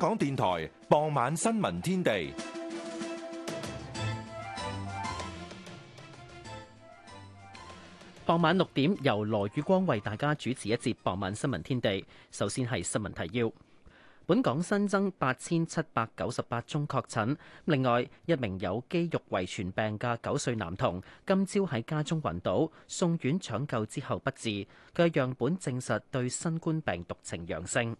香港電台傍晚新聞天地，傍晚六點由羅宇光為大家主持一節傍晚新聞天地。首先係新聞提要，本港新增八千七百九十八宗確診，另外一名有肌肉遺傳病嘅九歲男童今朝喺家中暈倒，送院搶救之後不治，佢嘅樣本證實對新冠病毒呈陽性。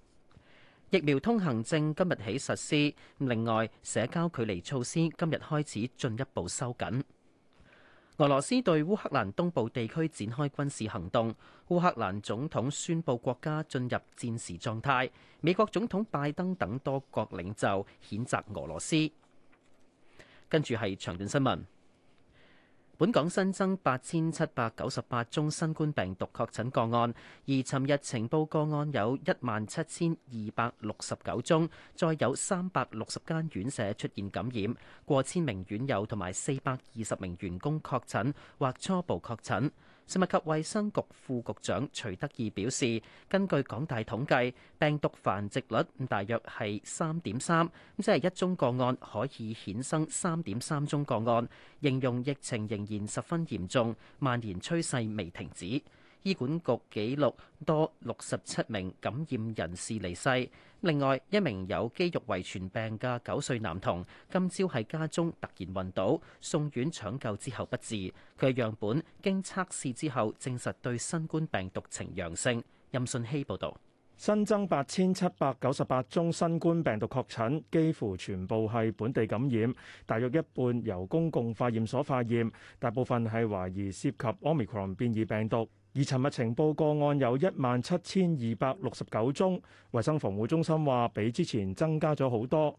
疫苗通行證今日起實施，另外社交距離措施今日開始進一步收緊。俄羅斯對烏克蘭東部地區展開軍事行動，烏克蘭總統宣布國家進入戰時狀態。美國總統拜登等多國領袖譴責俄羅斯。跟住係長短新聞。本港新增八千七百九十八宗新冠病毒確診個案，而尋日呈報個案有一萬七千二百六十九宗，再有三百六十間院舍出現感染，過千名院友同埋四百二十名員工確診或初步確診。食物及衛生局副局長徐德義表示，根據港大統計，病毒繁殖率大約係三點三，即係一宗個案可以衍生三點三宗個案，形容疫情仍然十分嚴重，蔓延趨勢未停止。醫管局記錄多六十七名感染人士離世。另外，一名有肌肉遺傳病嘅九歲男童，今朝喺家中突然暈倒，送院搶救之後不治。佢嘅樣本經測試之後，證實對新冠病毒呈陽性。任信希報道。新增八千七百九十八宗新冠病毒確診，幾乎全部係本地感染，大約一半由公共化驗所化驗，大部分係懷疑涉及 omicron 變異病毒。而尋日情報個案有一萬七千二百六十九宗，衞生防護中心話比之前增加咗好多。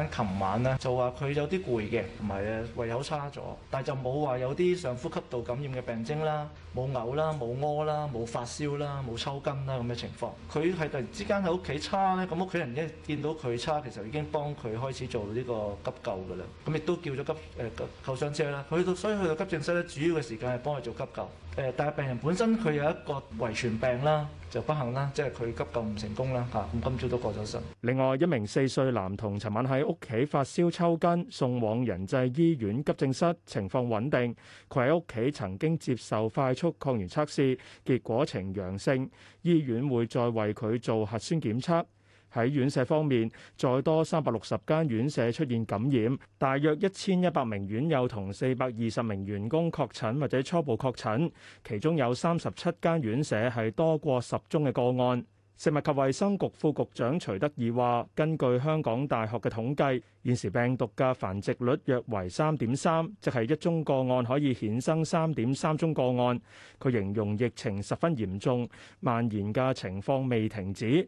琴晚咧就話佢有啲攰嘅，唔係呀，胃口差咗，但係就冇話有啲上呼吸道感染嘅病徵啦，冇嘔啦，冇屙啦，冇發燒啦，冇抽筋啦咁嘅情況。佢係突然之間喺屋企差咧，咁屋企人一見到佢差，其實已經幫佢開始做呢個急救㗎啦。咁亦都叫咗急誒救傷車啦，去到所以去到急症室咧，主要嘅時間係幫佢做急救。誒，但係病人本身佢有一個遺傳病啦，就不幸啦，即係佢急救唔成功啦，嚇，咁今朝都過咗身。另外一名四歲男童，尋晚喺屋企發燒抽筋，送往仁濟醫院急症室，情況穩定。佢喺屋企曾經接受快速抗原測試，結果呈陽性，醫院會再為佢做核酸檢測。喺院舍方面，再多三百六十間院舍出現感染，大約一千一百名院友同四百二十名員工確診或者初步確診，其中有三十七間院舍係多過十宗嘅個案。食物及衛生局副局長徐德義話，根據香港大學嘅統計，現時病毒嘅繁殖率約為三點三，即係一宗個案可以衍生三點三宗個案。佢形容疫情十分嚴重，蔓延嘅情況未停止。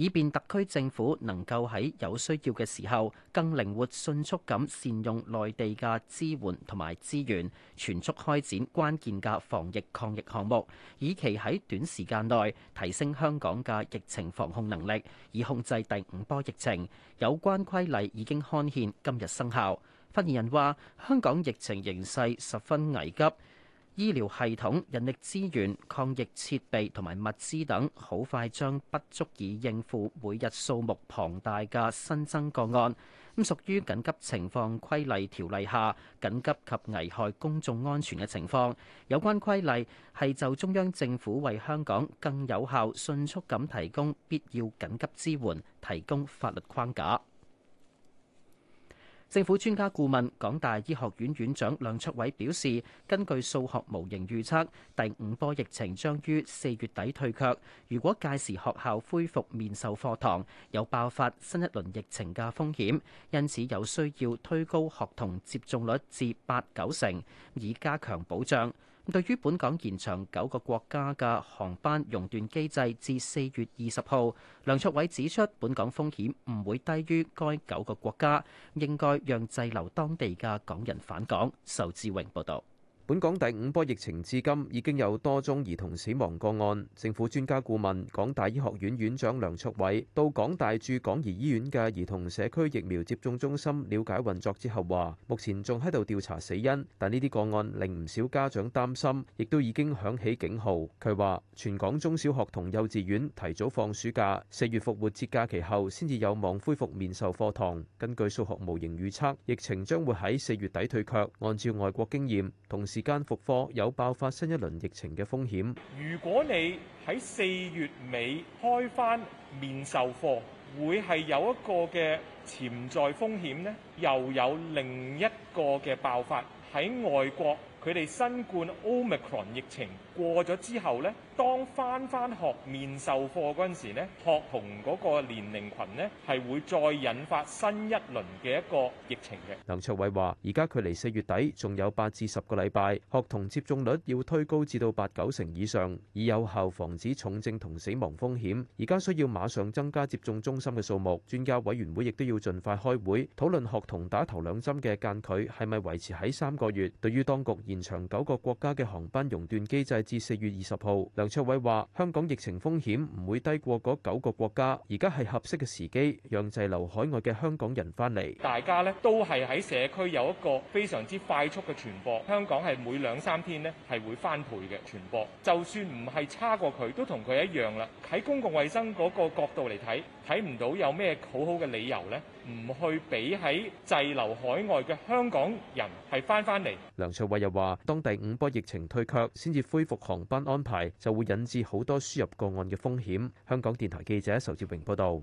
以便特區政府能夠喺有需要嘅時候更靈活、迅速咁善用內地嘅支援同埋資源，全速開展關鍵嘅防疫抗疫項目，以期喺短時間內提升香港嘅疫情防控能力，以控制第五波疫情。有關規例已經刊憲，今日生效。發言人話：香港疫情形勢十分危急。醫療系統、人力資源、抗疫設備同埋物資等，好快將不足以應付每日數目龐大嘅新增個案。咁屬於緊急情況規例條例下緊急及危害公眾安全嘅情況，有關規例係就中央政府為香港更有效、迅速咁提供必要緊急支援，提供法律框架。政府專家顧問、港大醫學院院長梁卓偉表示，根據數學模型預測，第五波疫情將於四月底退卻。如果屆時學校恢復面授課堂，有爆發新一輪疫情嘅風險，因此有需要推高學童接種率至八九成，以加強保障。對於本港延長九個國家嘅航班熔斷機制至四月二十號，梁卓偉指出，本港風險唔會低於該九個國家，應該讓滯留當地嘅港人返港。仇志榮報道。本港第五波疫情至今已經有多宗兒童死亡個案，政府專家顧問、港大醫學院院長梁卓偉到港大駐港兒醫院嘅兒童社區疫苗接種中心了解運作之後話：目前仲喺度調查死因，但呢啲個案令唔少家長擔心，亦都已經響起警號。佢話：全港中小學同幼稚園提早放暑假，四月復活節假期後先至有望恢復面授課堂。根據數學模型預測，疫情將會喺四月底退卻。按照外國經驗，同時間復課有爆發新一輪疫情嘅風險。如果你喺四月尾開返面授課，會係有一個嘅潛在風險咧，又有另一個嘅爆發喺外國，佢哋新冠 Omicron 疫情。過咗之後咧，當翻翻學面授課嗰陣時咧，學童嗰個年齡群咧係會再引發新一輪嘅一個疫情嘅。梁卓偉話：而家距離四月底仲有八至十個禮拜，學童接種率要推高至到八九成以上，以有效防止重症同死亡風險。而家需要馬上增加接種中心嘅數目，專家委員會亦都要盡快開會討論學童打頭兩針嘅間距係咪維持喺三個月。對於當局延長九個國家嘅航班熔斷機制。至四月二十號，梁卓偉話：香港疫情風險唔會低過嗰九個國家，而家係合適嘅時機，讓滯留海外嘅香港人翻嚟。大家咧都係喺社區有一個非常之快速嘅傳播，香港係每兩三天呢係會翻倍嘅傳播。就算唔係差過佢，都同佢一樣啦。喺公共衛生嗰個角度嚟睇，睇唔到有咩好好嘅理由呢。唔去俾喺滯留海外嘅香港人係翻翻嚟。梁卓偉又話當第五波疫情退卻先至恢復航班安排，就會引致好多輸入個案嘅風險，香港電台記者仇志榮報道。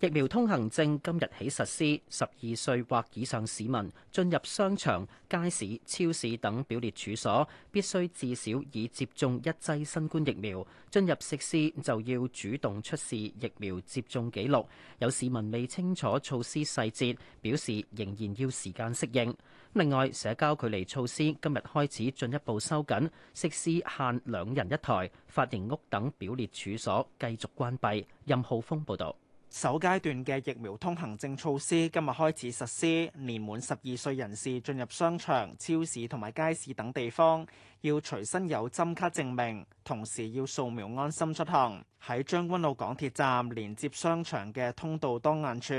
疫苗通行證今日起實施，十二歲或以上市民進入商場、街市、超市等表列處所，必須至少已接種一劑新冠疫苗。進入食肆就要主動出示疫苗接種記錄。有市民未清楚措施細節，表示仍然要時間適應。另外，社交距離措施今日開始進一步收緊，食肆限兩人一台，髮型屋等表列處所繼續關閉。任浩峰報道。首階段嘅疫苗通行證措施今日開始實施，年滿十二歲人士進入商場、超市同埋街市等地方，要隨身有針卡證明，同時要掃描安心出行。喺將軍澳港鐵站連接商場嘅通道當眼處，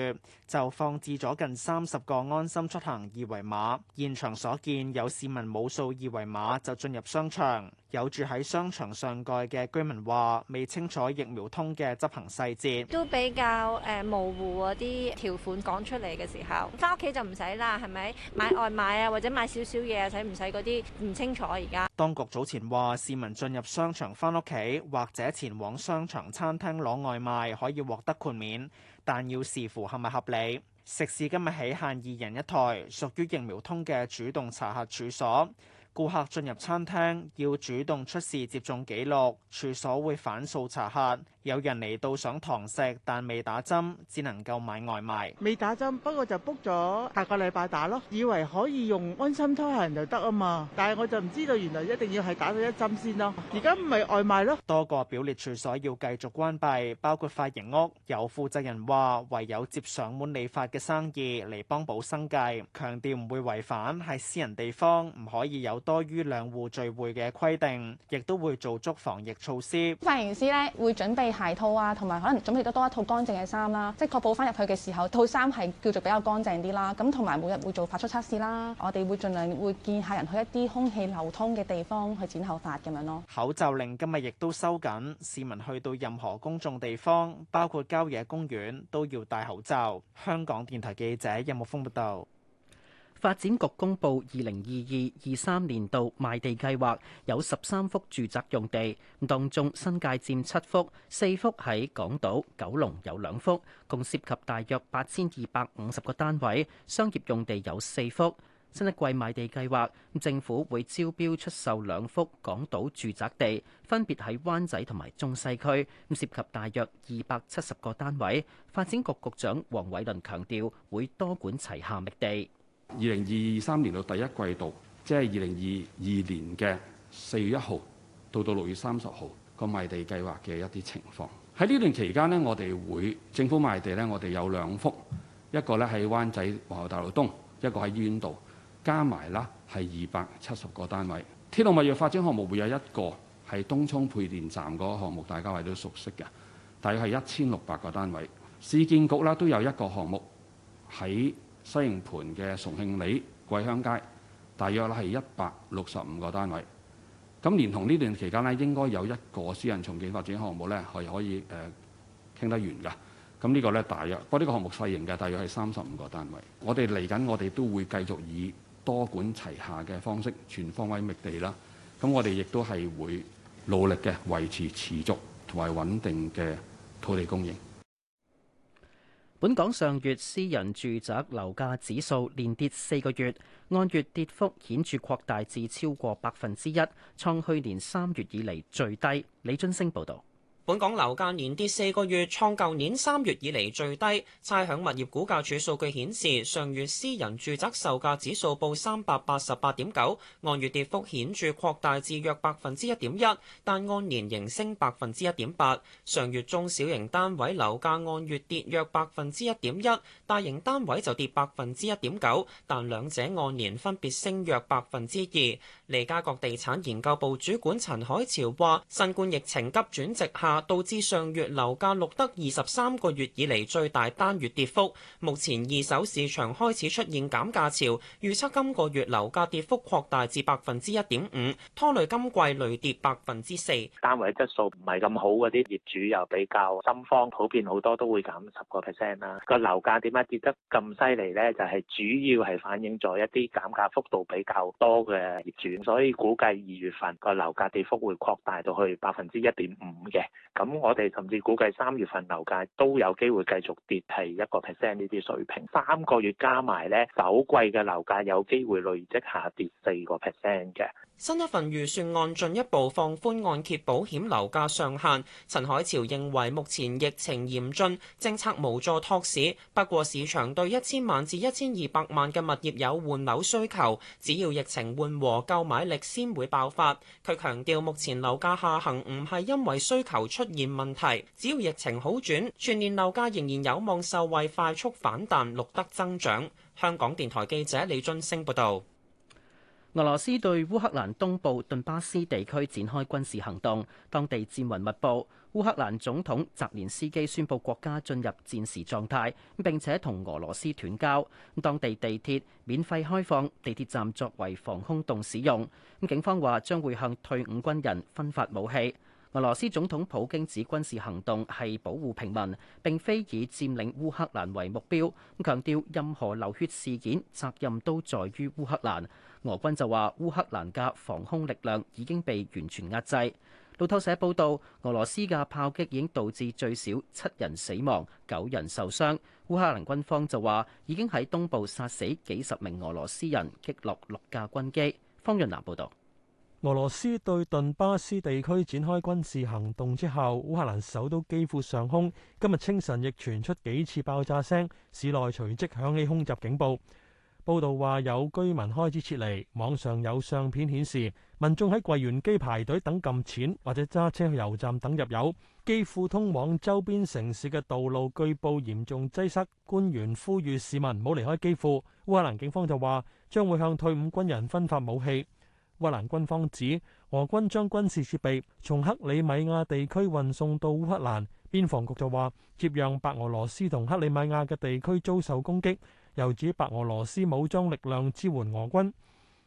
就放置咗近三十個安心出行二維碼。現場所見，有市民冇掃二維碼就進入商場。有住喺商場上蓋嘅居民話：未清楚疫苗通嘅執行細節，都比較模糊啊，嗰啲條款講出嚟嘅時候，翻屋企就唔使啦，係咪買外賣啊或者買少少嘢使唔使，嗰啲唔清楚而家？當局早前話，市民進入商場返屋企或者前往商場餐廳攞外賣，可以獲得豁免，但要視乎合唔合理。食肆今日起限二人一枱，屬於疫苗通嘅主動查核處所。顧客進入餐廳要主動出示接種記錄，處所會反數查客。有人嚟到想堂食，但未打針，只能夠買外賣。未打針，不過就 book 咗下個禮拜打咯，以為可以用安心出行就得啊嘛。但係我就唔知道，原來一定要係打咗一針先咯。而家唔係外賣咯。多個表列處所要繼續關閉，包括髮型屋。有負責人話，唯有接上門理髮嘅生意嚟幫補生計，強調唔會違反，係私人地方唔可以有多於兩戶聚會嘅規定，亦都會做足防疫措施。髮型師咧會準備鞋套啊，同埋可能準備多多一套乾淨嘅衫啦，即係確保翻入去嘅時候套衫係叫做比較乾淨啲啦。咁同埋每日會做快速測試啦。我哋會盡量會見客人去一啲空氣流通嘅地方去剪頭髮咁樣咯，啊。口罩令今日亦都收緊，市民去到任何公眾地方，包括郊野公園，都要戴口罩。香港電台記者任木峯報道。發展局公布二零二二二三年度賣地計劃，有十三幅住宅用地，當中新界佔七幅，四幅喺港島、九龍有兩幅，共涉及大約八千二百五十個單位。商業用地有四幅，新一季賣地計劃，政府會招標出售兩幅港島住宅地，分別喺灣仔同埋中西區，涉及大約二百七十個單位。發展局局長黃偉綸強調，會多管齊下，覓地。二零二三年到第一季度，即係二零二二年嘅四月一號到到六月三十號個賣地計劃嘅一啲情況。喺呢段期間呢，我哋會政府賣地呢，我哋有兩幅，一個咧喺灣仔皇后大道東，一個喺醫院道，加埋啦，係二百七十個單位。鐵路物業發展項目會有一個係東涌配電站嗰個項目，大家係都熟悉嘅，大約係一千六百個單位。市建局啦，都有一個項目喺。西營盤嘅崇慶里、桂香街，大約係一百六十五個單位。咁連同呢段期間咧，應該有一個私人重建發展項目呢係可以誒傾、呃、得完㗎。咁呢個呢，大約，不過呢個項目細型嘅，大約係三十五個單位。我哋嚟緊，我哋都會繼續以多管齊下嘅方式，全方位覓地啦。咁我哋亦都係會努力嘅，維持持續同埋穩定嘅土地供應。本港上月私人住宅樓價指數連跌四個月，按月跌幅顯著擴大至超過百分之一，創去年三月以嚟最低。李津升報道。本港樓價連跌四個月，創舊年三月以嚟最低。差餉物業估價署數據顯示，上月私人住宅售價指數報三百八十八點九，按月跌幅顯著擴大至約百分之一點一，但按年仍升百分之一點八。上月中小型單位樓價按月跌約百分之一點一，大型單位就跌百分之一點九，但兩者按年分別升約百分之二。利嘉閣地產研究部主管陳海潮話，新冠疫情急轉直下。導致上月樓價錄得二十三個月以嚟最大單月跌幅，目前二手市場開始出現減價潮，預測今個月樓價跌幅擴大至百分之一點五，拖累今季累跌百分之四。單位質素唔係咁好嗰啲業主又比較心慌，普遍好多都會減十個 percent 啦。個樓價點解跌得咁犀利呢？就係主要係反映咗一啲減價幅度比較多嘅業主，所以估計二月份個樓價跌幅會擴大到去百分之一點五嘅。咁、嗯、我哋甚至估計三月份樓價都有機會繼續跌，係一個 percent 呢啲水平。三個月加埋呢首季嘅樓價有機會累積下跌四個 percent 嘅。新一份預算案進一步放寬按揭保險樓價上限。陳海潮認為目前疫情嚴峻，政策無助托市。不過市場對一千萬至一千二百萬嘅物業有換樓需求，只要疫情緩和，購買力先會爆發。佢強調目前樓價下行唔係因為需求出現問題，只要疫情好轉，全年樓價仍然有望受惠快速反彈，錄得增長。香港電台記者李津升報道，俄羅斯對烏克蘭東部頓巴斯地區展開軍事行動，當地戰雲密佈。烏克蘭總統澤連斯基宣布國家進入戰時狀態，並且同俄羅斯斷交。當地地鐵免費開放，地鐵站作為防空洞使用。警方話將會向退伍軍人分發武器。俄羅斯總統普京指軍事行動係保護平民，並非以佔領烏克蘭為目標。強調任何流血事件責任都在於烏克蘭。俄軍就話烏克蘭嘅防空力量已經被完全壓制。路透社報道，俄羅斯嘅炮擊已經導致最少七人死亡，九人受傷。烏克蘭軍方就話已經喺東部殺死幾十名俄羅斯人，擊落六架軍機。方潤南報導。俄羅斯對頓巴斯地區展開軍事行動之後，烏克蘭首都基輔上空今日清晨亦傳出幾次爆炸聲，市內隨即響起空襲警報。報道話有居民開始撤離，網上有相片顯示民眾喺櫃員機排隊等撳錢，或者揸車去油站等入油。基輔通往周邊城市嘅道路據報嚴重擠塞，官員呼籲市民唔好離開基輔。烏克蘭警方就話將會向退伍軍人分發武器。烏克蘭軍方指，俄軍將軍事設備從克里米亞地區運送到烏克蘭，邊防局就話，接壤白俄羅斯同克里米亞嘅地區遭受攻擊，又指白俄羅斯武裝力量支援俄軍。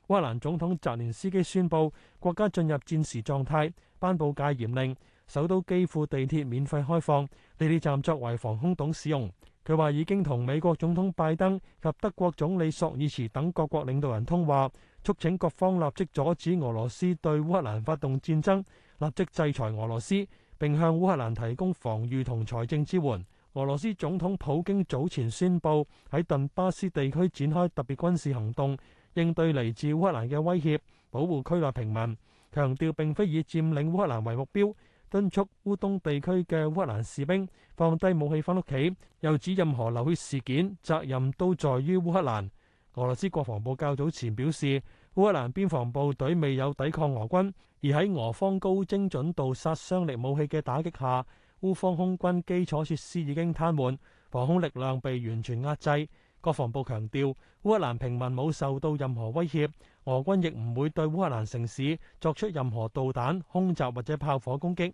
烏克蘭總統澤連斯基宣布國家進入戰時狀態，頒布戒嚴令，首都基輔地鐵免費開放，地鐵站作為防空洞使用。佢話已經同美國總統拜登及德國總理索爾茨等各國領導人通話。促請各方立即阻止俄羅斯對烏克蘭發動戰爭，立即制裁俄羅斯，並向烏克蘭提供防禦同財政支援。俄羅斯總統普京早前宣布喺頓巴斯地區展開特別軍事行動，應對嚟自烏克蘭嘅威脅，保護區內平民，強調並非以佔領烏克蘭為目標。敦促烏東地區嘅烏克蘭士兵放低武器返屋企，又指任何流血事件責任都在於烏克蘭。俄羅斯國防部較早前表示，烏克蘭邊防部隊未有抵抗俄軍，而喺俄方高精準度殺傷力武器嘅打擊下，烏方空軍基礎設施已經癱瘓，防空力量被完全壓制。國防部強調，烏克蘭平民冇受到任何威脅，俄軍亦唔會對烏克蘭城市作出任何導彈、空襲或者炮火攻擊。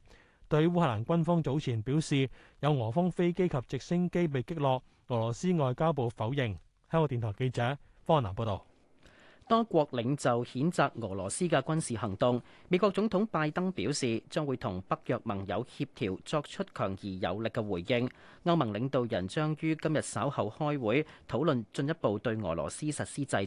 對烏克蘭軍方早前表示，有俄方飛機及直升機被擊落，俄羅斯外交部否認。香港電台記者。方南報道，多國領袖譴責俄羅斯嘅軍事行動。美國總統拜登表示，將會同北約盟友協調，作出強而有力嘅回應。歐盟領導人將於今日稍後開會，討論進一步對俄羅斯實施制裁。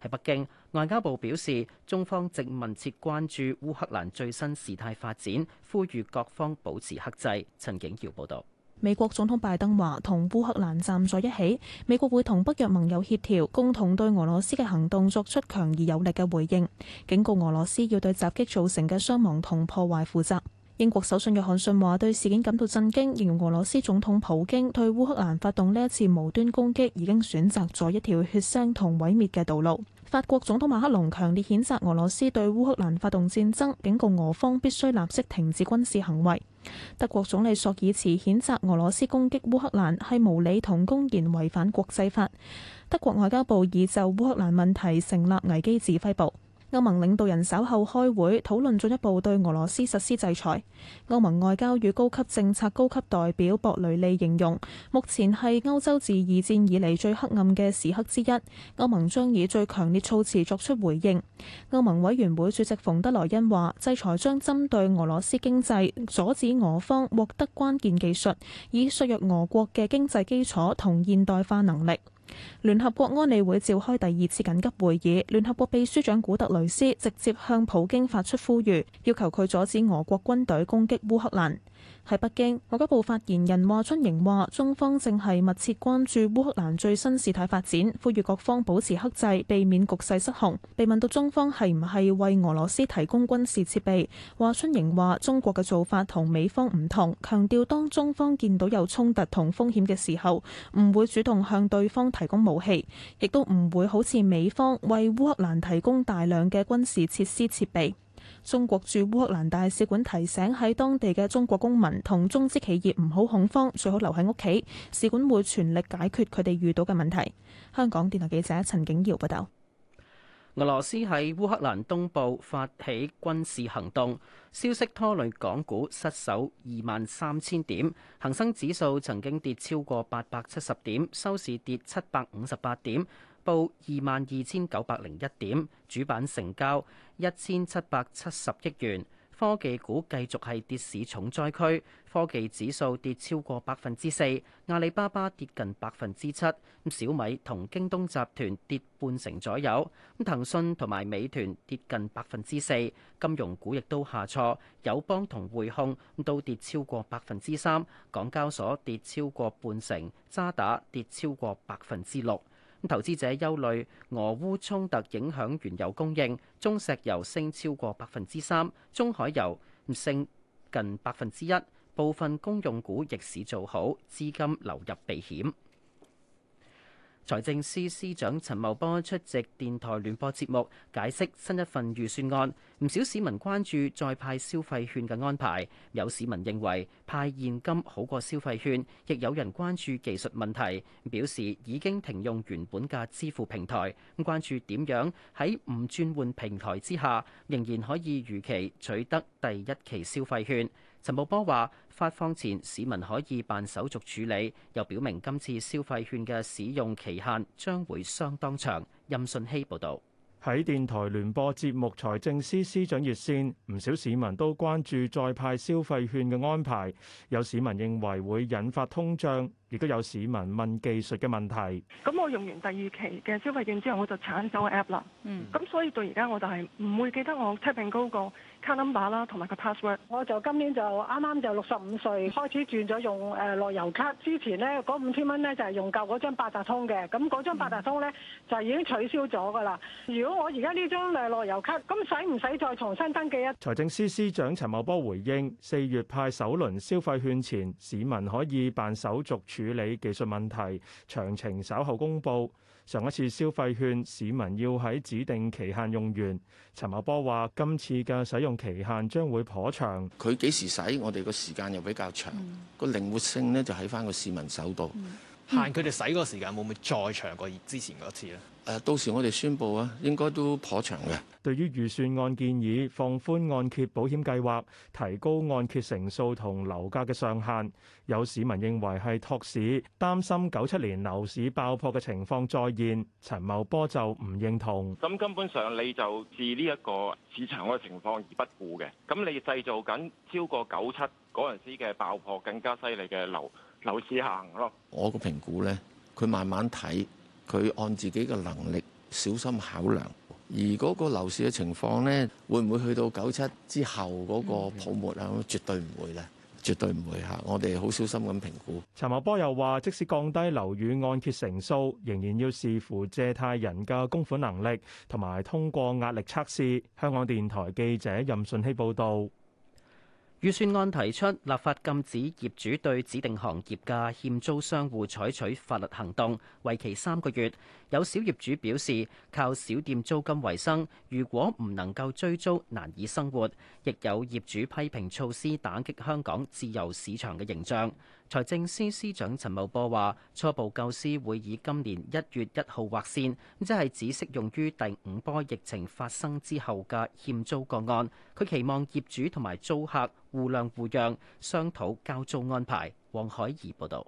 喺北京，外交部表示，中方正密切關注烏克蘭最新事態發展，呼籲各方保持克制。陳景堯報道。美國總統拜登話同烏克蘭站在一起，美國會同北約盟友協調，共同對俄羅斯嘅行動作出強而有力嘅回應，警告俄羅斯要對襲擊造成嘅傷亡同破壞負責。英國首相約翰遜話對事件感到震驚，形容俄羅斯總統普京對烏克蘭發動呢一次無端攻擊，已經選擇咗一條血腥同毀滅嘅道路。法國總統馬克龍強烈譴責俄羅斯對烏克蘭發動戰爭，警告俄方必須立即停止軍事行為。德國總理朔爾茨譴責俄羅斯攻擊烏克蘭係無理同公然違反國際法。德國外交部已就烏克蘭問題成立危機指揮部。歐盟領導人稍後開會，討論進一步對俄羅斯實施制裁。歐盟外交與高級政策高級代表博雷利形容，目前係歐洲自二戰以嚟最黑暗嘅時刻之一。歐盟將以最強烈措辭作出回應。歐盟委員會主席馮德萊恩話，制裁將針對俄羅斯經濟，阻止俄方獲得關鍵技術，以削弱俄國嘅經濟基礎同現代化能力。聯合國安理會召開第二次緊急會議，聯合國秘書長古特雷斯直接向普京發出呼籲，要求佢阻止俄國軍隊攻擊烏克蘭。喺北京，外交部發言人華春瑩話，中方正係密切關注烏克蘭最新事態發展，呼籲各方保持克制，避免局勢失控。被問到中方係唔係為俄羅斯提供軍事設備，華春瑩話中國嘅做法同美方唔同，強調當中方見到有衝突同風險嘅時候，唔會主動向對方提供武器，亦都唔會好似美方為烏克蘭提供大量嘅軍事設施設備。中國駐烏克蘭大使館提醒喺當地嘅中國公民同中資企業唔好恐慌，最好留喺屋企。使館會全力解決佢哋遇到嘅問題。香港電台記者陳景堯報道。俄羅斯喺烏克蘭東部發起軍事行動，消息拖累港股失守二萬三千點，恒生指數曾經跌超過八百七十點，收市跌七百五十八點。報二萬二千九百零一點，主板成交一千七百七十億元。科技股繼續係跌市重災區，科技指數跌超過百分之四，阿里巴巴跌近百分之七，小米同京東集團跌半成左右。咁騰訊同埋美團跌近百分之四，金融股亦都下挫，友邦同匯控都跌超過百分之三，港交所跌超過半成，渣打跌超過百分之六。投資者憂慮俄烏衝突影響原油供應，中石油升超過百分之三，中海油升近百分之一，部分公用股逆市做好，資金流入避險。財政司司長陳茂波出席電台聯播節目，解釋新一份預算案。唔少市民關注再派消費券嘅安排，有市民認為派現金好過消費券，亦有人關注技術問題，表示已經停用原本嘅支付平台，咁關注點樣喺唔轉換平台之下，仍然可以如期取得第一期消費券。陳茂波話：發放前，市民可以辦手續處理，又表明今次消費券嘅使用期限將會相當長。任信希報導。喺電台聯播節目《財政司司長熱線》，唔少市民都關注再派消費券嘅安排，有市民認為會引發通脹。亦都有市民問技術嘅問題。咁我用完第二期嘅消費券之後，我就鏟走 App 啦。嗯。咁所以到而家我就係唔會記得我 Typing 嗰個 Card Number 啦，同埋個 Password。我就今年就啱啱就六十五歲，開始轉咗用誒樂悠卡。之前咧嗰五千蚊咧就係用舊嗰張八達通嘅。咁嗰張八達通咧、嗯、就已經取消咗㗎啦。如果我而家呢張誒樂悠卡，咁使唔使再重新登記呀？財政司司長陳茂波回應：四月派首輪消費券前，市民可以辦手續。處理技術問題，詳情稍後公佈。上一次消費券市民要喺指定期限用完，陳茂波話：今次嘅使用期限將會頗長，佢幾時使，我哋個時間又比較長，個、嗯、靈活性呢，就喺翻個市民手度。嗯限佢哋使嗰個時間，會唔會再長過之前嗰次咧？誒，到時我哋宣布啊，應該都頗長嘅。對於預算案建議放寬按揭保險計劃、提高按揭成數同樓價嘅上限，有市民認為係托市，擔心九七年樓市爆破嘅情況再現。陳茂波就唔認同。咁根本上你就置呢一個市場嘅情況而不顧嘅，咁你製造緊超過九七嗰陣時嘅爆破更加犀利嘅樓樓市行咯。我個評估咧，佢慢慢睇，佢按自己嘅能力小心考量。而嗰個樓市嘅情況咧，會唔會去到九七之後嗰個泡沫啊？絕對唔會咧，絕對唔會嚇。我哋好小心咁評估。陳茂波又話：即使降低樓宇按揭成數，仍然要視乎借貸人嘅供款能力，同埋通過壓力測試。香港電台記者任順希報導。預算案提出立法禁止業主對指定行業嘅欠租商戶採取法律行動，為期三個月。有小業主表示，靠小店租金為生，如果唔能夠追租，難以生活。亦有業主批評措施打擊香港自由市場嘅形象。財政司司長陳茂波話：初步構思會以今年一月一號劃線，即係只適用於第五波疫情發生之後嘅欠租個案。佢期望業主同埋租客互諒互讓，商討交租安排。黃海怡報導。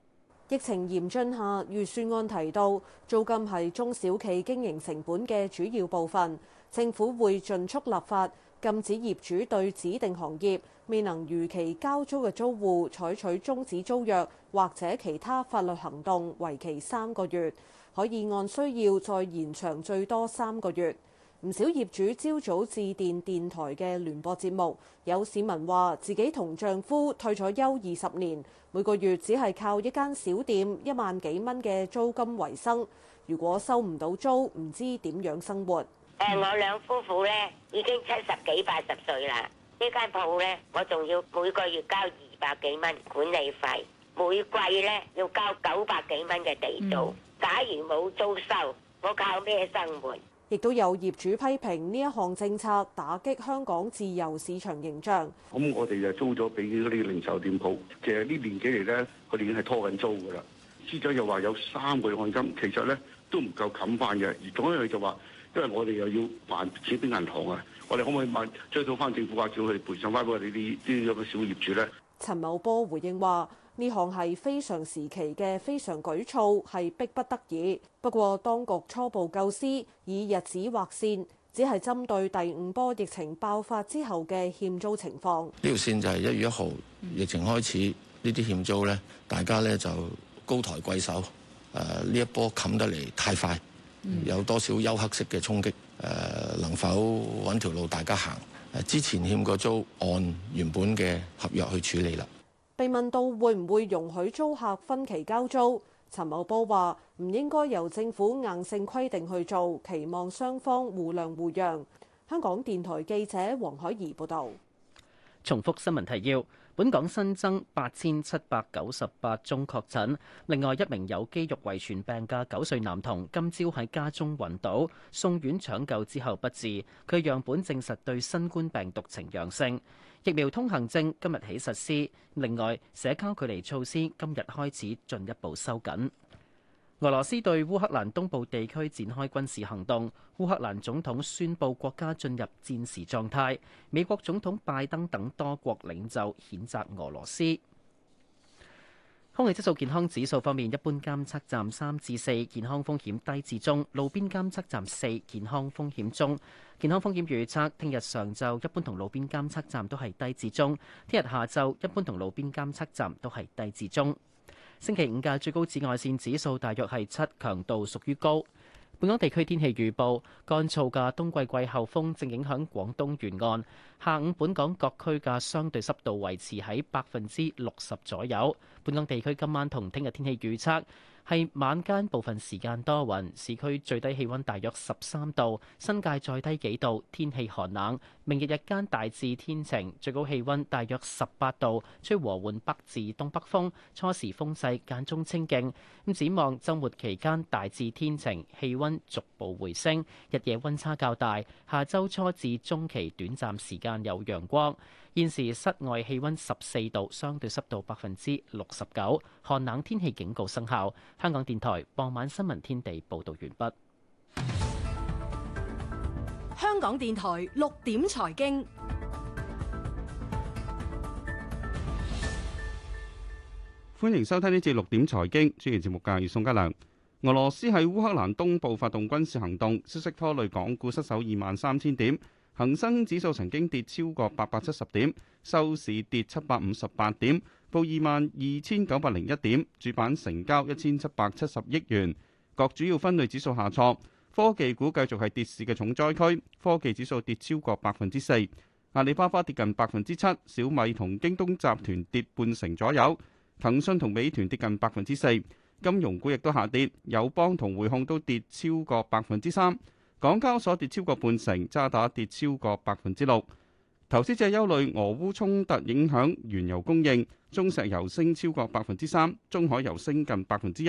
疫情嚴峻下，預算案提到租金係中小企經營成本嘅主要部分，政府會盡速立法。禁止業主對指定行業未能如期交租嘅租戶採取終止租約或者其他法律行動，為期三個月，可以按需要再延長最多三個月。唔少業主朝早致電電台嘅聯播節目，有市民話自己同丈夫退咗休二十年，每個月只係靠一間小店一萬幾蚊嘅租金維生，如果收唔到租，唔知點樣生活。誒、 嗯，我兩夫婦咧已經七十幾八十歲啦。呢間鋪咧，我仲要每個月交二百幾蚊管理費，每季咧要交九百幾蚊嘅地租。假如冇租收，我靠咩生活？亦都、嗯、有業主批評呢一項政策，打擊香港自由市場形象。咁、嗯、我哋就租咗俾嗰啲零售店鋪，其實呢年幾嚟咧，佢哋已經係拖緊租噶啦。司長又話有三個月按金，其實咧都唔夠冚翻嘅，而講起佢就話。因為我哋又要還錢俾銀行啊，我哋可唔可以還追討翻政府啞照去賠償翻俾我哋啲啲有嘅小業主咧？陳茂波回應話：呢項係非常時期嘅非常舉措，係逼不得已。不過當局初步構思以日子劃線，只係針對第五波疫情爆發之後嘅欠租情況。呢條線就係一月一號疫情開始，呢啲欠租咧，大家咧就高抬貴手。誒，呢一波冚得嚟太快。有多少休克式嘅衝擊？誒、嗯，能否揾條路大家行？之前欠過租，按原本嘅合約去處理啦。被問到會唔會容許租客分期交租，陳茂波話：唔應該由政府硬性規定去做，期望雙方互諒互讓。香港電台記者黃海怡報道。重複新聞提要。本港新增八千七百九十八宗確診，另外一名有肌肉遺傳病嘅九歲男童今朝喺家中暈倒，送院搶救之後不治，佢樣本證實對新冠病毒呈陽性。疫苗通行證今日起實施，另外社交距離措施今日開始進一步收緊。俄羅斯對烏克蘭東部地區展開軍事行動，烏克蘭總統宣佈國家進入戰時狀態。美國總統拜登等多國領袖譴責俄羅斯。空氣質素健康指數方面，一般監測站三至四，健康風險低至中；路邊監測站四，健康風險中。健康風險預測：聽日上晝一般同路邊監測站都係低至中；聽日下晝一般同路邊監測站都係低至中。星期五嘅最高紫外線指數大約係七，強度屬於高。本港地區天氣預報，乾燥嘅冬季季候風正影響廣東沿岸。下午本港各區嘅相對濕度維持喺百分之六十左右。本港地區今晚同聽日天氣預測係晚間部分時間多雲，市區最低氣溫大約十三度，新界再低幾度，天氣寒冷。明日日間大致天晴，最高氣溫大約十八度，吹和緩北至東北風，初時風勢間中清勁。咁展望周末期間大致天晴，氣溫逐步回升，日夜温差較大。下周初至中期短暫時間有陽光。現時室外氣溫十四度，相對濕度百分之六十九，寒冷天氣警告生效。香港電台傍晚新聞天地報道完畢。香港電台六點財經，歡迎收聽呢節六點財經主持節目嘅係宋嘉良。俄羅斯喺烏克蘭東部發動軍事行動，消息，息拖累港股失守二萬三千點，恒生指數曾經跌超過八百七十點，收市跌七百五十八點，報二萬二千九百零一點，主板成交一千七百七十億元，各主要分類指數下挫。科技股繼續係跌市嘅重災區，科技指數跌超過百分之四，阿里巴巴跌近百分之七，小米同京東集團跌半成左右，騰訊同美團跌近百分之四。金融股亦都下跌，友邦同匯控都跌超過百分之三，港交所跌超過半成，渣打跌超過百分之六。投資者憂慮俄烏衝突影響原油供應，中石油升超過百分之三，中海油升近百分之一。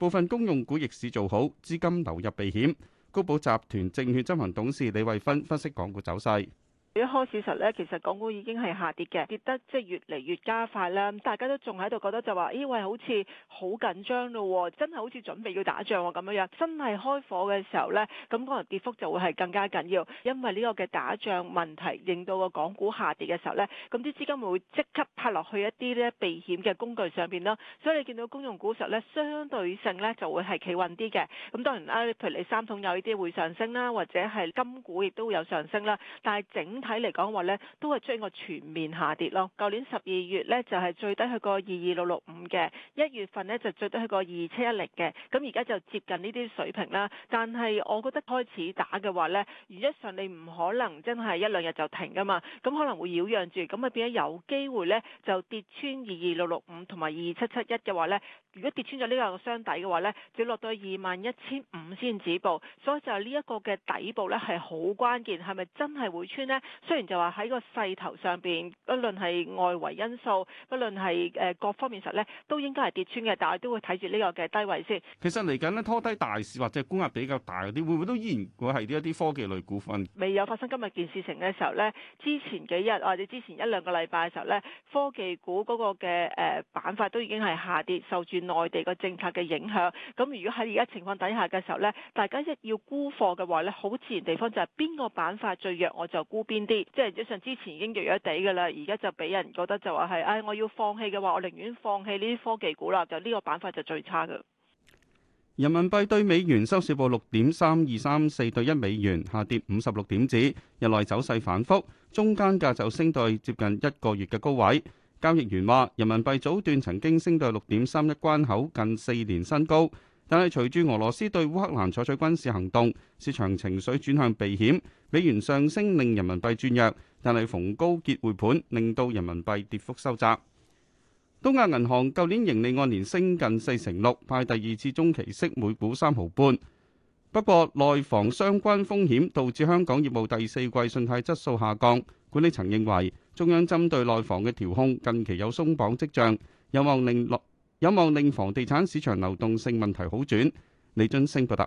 部分公用股逆市做好，資金流入避險，高寶集團證券執行董事李慧芬分析港股走勢。一開始時候咧，其實港股已經係下跌嘅，跌得即係越嚟越加快啦。大家都仲喺度覺得就話，咦、哎、喂，好似好緊張咯，真係好似準備要打仗咁樣樣。真係開火嘅時候咧，咁、那、嗰個跌幅就會係更加緊要，因為呢個嘅打仗問題令到個港股下跌嘅時候咧，咁啲資金會即刻拍落去一啲咧避險嘅工具上邊咯。所以你見到公用股實咧，相對性咧就會係企穩啲嘅。咁當然啦，譬如你三桶油呢啲會上升啦，或者係金股亦都會有上升啦，但係整。睇嚟講話咧，都係出現個全面下跌咯。舊年十二月咧就係、是、最低去個二二六六五嘅，一月份咧就最低去個二七一零嘅。咁而家就接近呢啲水平啦。但係我覺得開始打嘅話咧，原則上你唔可能真係一兩日就停噶嘛。咁可能會擾攘住，咁啊變咗有機會咧就跌穿二二六六五同埋二七七一嘅話咧，如果跌穿咗呢個箱底嘅話咧，就落到二萬一千五先止步。所以就呢一個嘅底部咧係好關鍵，係咪真係會穿呢？雖然就話喺個勢頭上邊，不論係外圍因素，不論係誒各方面時咧，都應該係跌穿嘅，但係都會睇住呢個嘅低位先。其實嚟緊咧拖低大市或者沽壓比較大嗰啲，會唔會都依然會係啲一啲科技類股份？未有發生今日件事情嘅時候呢，之前幾日或者之前一兩個禮拜嘅時候呢，科技股嗰個嘅誒板塊都已經係下跌，受住內地個政策嘅影響。咁如果喺而家情況底下嘅時候呢，大家一要沽貨嘅話咧，好自然地方就係邊個板塊最弱我就沽邊。即係以上之前已經弱弱地噶啦，而家就俾人覺得就話係，哎，我要放棄嘅話，我寧願放棄呢啲科技股啦。就呢個板塊就最差噶。人民幣對美元收市報六點三二三四兌一美元，下跌五十六點子，日內走勢反復，中間價就升到接近一個月嘅高位。交易員話，人民幣早段曾經升到六點三一關口，近四年新高。但係，隨住俄羅斯對烏克蘭採取軍事行動，市場情緒轉向避險，美元上升令人民幣轉弱。但係逢高結匯盤，令到人民幣跌幅收窄。東亞銀行舊年盈利按年升近四成六，派第二次中期息每股三毫半。不過，內房相關風險導致香港業務第四季信貸質素下降。管理層認為，中央針對內房嘅調控近期有鬆綁跡象，有望令落。有望令房地產市場流動性問題好轉，李俊升報道。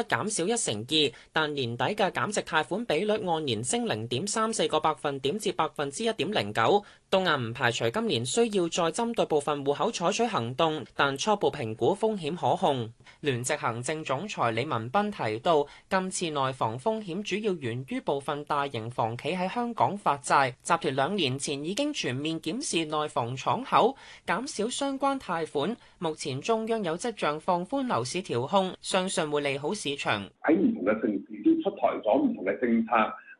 減少一成二，但年底嘅減值貸款比率按年升零點三四個百分點至百分之一點零九。東亞唔排除今年需要再針對部分戶口採取行動，但初步評估風險可控。聯席行政總裁李文斌提到，今次內房風險主要源於部分大型房企喺香港發債，集團兩年前已經全面檢視內房敞口，減少相關貸款。目前中央有跡象放寬樓市調控，相信會利好市。喺唔同嘅城市都出台咗唔同嘅政策，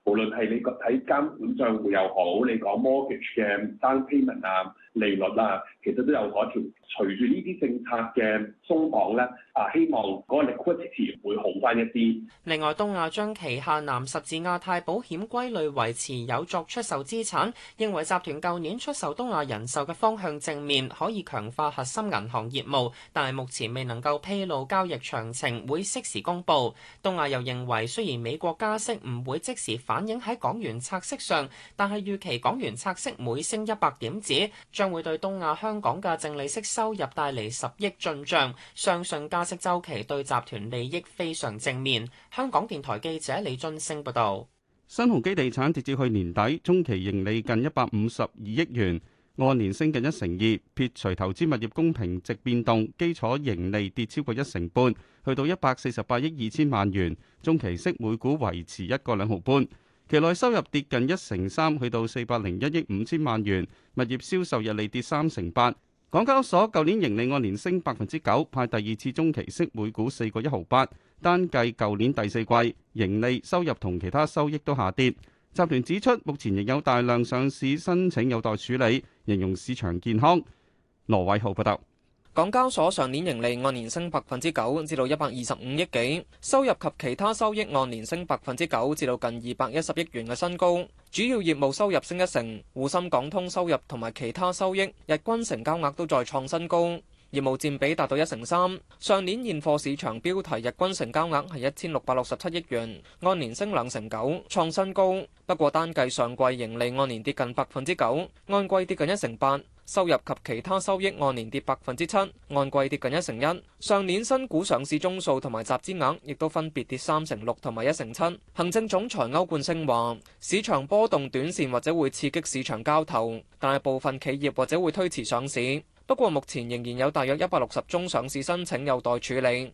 無論係你個體監管賬戶又好，你講 mortgage 嘅 down payment 啊、利率啦、啊，其實都有嗰條隨住呢啲政策嘅鬆綁咧，啊，希望嗰個 liquidity 會好翻一啲。另外，東亞將旗下南十字亞太保險歸類為持有作出售資產，認為集團舊年出售東亞人壽嘅方向正面，可以強化核心銀行業務。但係目前未能夠披露交易詳情，會適時公佈。東亞又認為，雖然美國加息唔會即時反映喺港元拆息上，但係預期港元拆息每升一百點子，將會對東亞香港嘅淨利息收收入帶嚟十億進賬，相信加息週期對集團利益非常正面。香港電台記者李津升報道：新鴻基地產截至去年底中期盈利近一百五十二億元，按年升近一成二，撇除投資物業公平值變動，基礎盈利跌超過一成半，去到一百四十八億二千萬元。中期息每股維持一個兩毫半，期內收入跌近一成三，去到四百零一億五千萬元，物業銷售日利跌三成八。港交所舊年盈利按年升百分之九，派第二次中期息每股四個一毫八，單計舊年第四季盈利收入同其他收益都下跌。集團指出，目前仍有大量上市申請有待處理，形容市場健康。羅偉浩報導。港交所上年盈利按年升百分之九，至到一百二十五億幾，收入及其他收益按年升百分之九，至到近二百一十億元嘅新高。主要業務收入升一成，滬深港通收入同埋其他收益日均成交額都再創新高，業務佔比達到一成三。上年現貨市場標題日均成交額係一千六百六十七億元，按年升兩成九，創新高。不過單計上季盈利按年跌近百分之九，按季跌近一成八。收入及其他收益按年跌百分之七，按季跌近一成一。上年新股上市宗數同埋集資額亦都分別跌三成六同埋一成七。行政總裁歐冠升話：市場波動短線或者會刺激市場交投，但係部分企業或者會推遲上市。不過目前仍然有大約一百六十宗上市申請有待處理。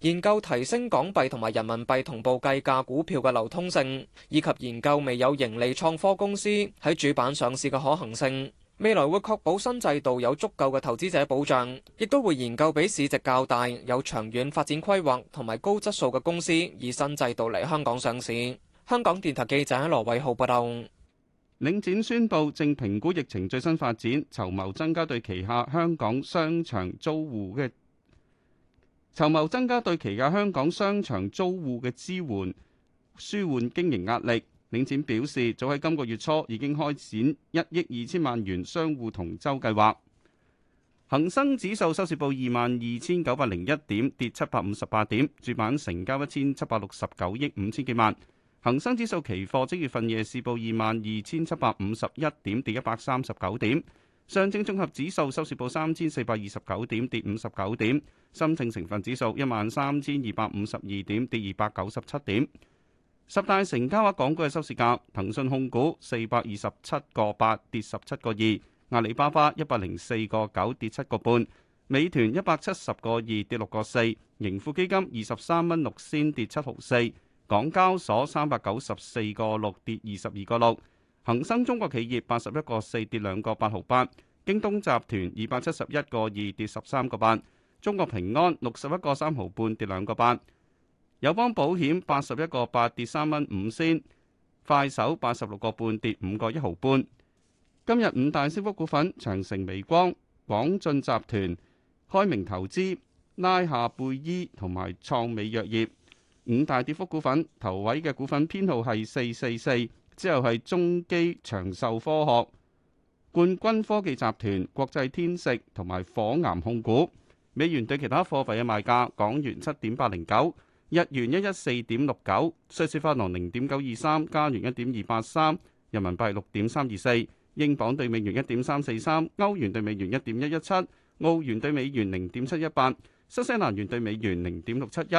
研究提升港幣同埋人民幣同步計價股票嘅流通性，以及研究未有盈利創科公司喺主板上市嘅可行性。未來會確保新制度有足夠嘅投資者保障，亦都會研究俾市值較大、有長遠發展規劃同埋高質素嘅公司以新制度嚟香港上市。香港電台記者羅偉浩報道，領展宣布正評估疫情最新發展，籌謀增加對旗下香港商場租戶嘅。籌謀增加對旗下香港商場租戶嘅支援，舒緩經營壓力。領展表示，早喺今個月初已經開展一億二千萬元商戶同舟計劃。恒生指數收市報二萬二千九百零一點，跌七百五十八點。主板成交一千七百六十九億五千幾萬。恒生指數期貨即月份夜市報二萬二千七百五十一點，跌一百三十九點。上證綜合指數收市報三千四百二十九點，跌五十九點。深證成分指數一萬三千二百五十二點，跌二百九十七點。十大成交額港股嘅收市價：騰訊控股四百二十七個八，跌十七個二；阿里巴巴一百零四個九，跌七個半；美團一百七十個二，跌六個四；盈富基金二十三蚊六仙，跌七毫四；港交所三百九十四個六，跌二十二個六。恒生中國企業八十一個四跌兩個八毫八，京東集團二百七十一個二跌十三個八，中國平安六十一個三毫半跌兩個八，友邦保險八十一個八跌三蚊五仙，快手八十六個半跌五個一毫半。今日五大升幅股,股份：長城微光、廣進集團、開明投資、拉夏貝爾同埋創美藥業。五大跌幅股份頭位嘅股份編號係四四四。之後係中基長壽科學、冠軍科技集團、國際天食同埋火岩控股。美元對其他貨幣嘅賣價：港元七點八零九，日元一一四點六九，瑞士法郎零點九二三，加元一點二八三，人民幣六點三二四，英鎊兌美元一點三四三，歐元兌美元一點一一七，澳元兌美元零點七一八，新西蘭元兌美元零點六七一。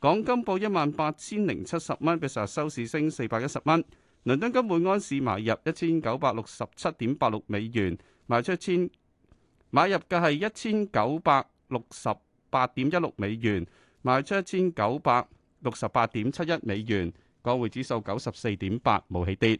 港金報一萬八千零七十蚊，比上日收市升四百一十蚊。倫敦金每安士買入一千九百六十七點八六美元，賣出一千買入嘅係一千九百六十八點一六美元，賣出一千九百六十八點七一美元。港匯指數九十四點八，冇起跌。